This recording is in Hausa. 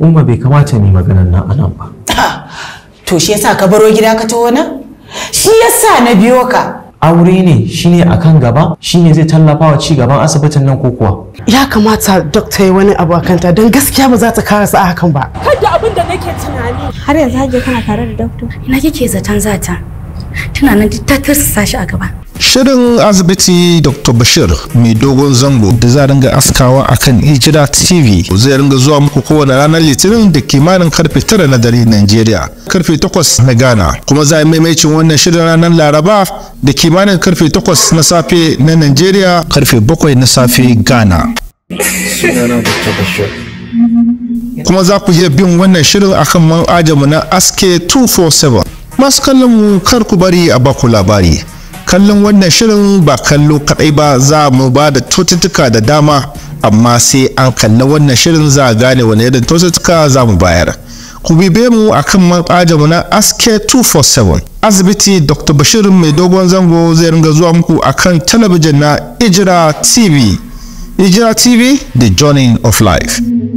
Uma bai kamata ni maganar nan anan ba. To shi yasa ka baro gida ka taho nan? Shi yasa na biyo ka. Aure ne shine akan gaba shine zai tallafa wa ci gaban asibitin nan ko kuwa. Ya kamata dokta ya wani abu ta don gaskiya ba za ta karasa a hakan ba. Kada abin da nake tunani. Har yanzu hajiya kana tare da doctor. Ina kike zaton zata? Tana nan ta tursa shi a gaba. Shirin asibiti Dr. Bashir mai dogon zango da za ringa askawa akan Hijira TV zai ringa zuwa muku kowane ranar Litinin da kimanin karfe 9 na dare Najeriya, karfe 8 na Ghana. Kuma za a maimacin wannan shirin ranar Laraba da kimanin karfe 8 na safe na Najeriya, karfe 7 na safe Ghana. Kuma za ku iya bin wannan shirin akan ajamu na aske 247. Masu kallon mu kar ku bari a baku labari. kallon wannan shirin ba kallo kadai ba za mu ba da cututtuka da dama amma sai an kalli wannan shirin za a gane wani irin tututtuka za mu bayar ku bibe mu a kan mu na aske 247 asibiti dr bashir mai dogon zango zai ringa zuwa muku a kan talabijin na ijira tv ijira tv the journey of life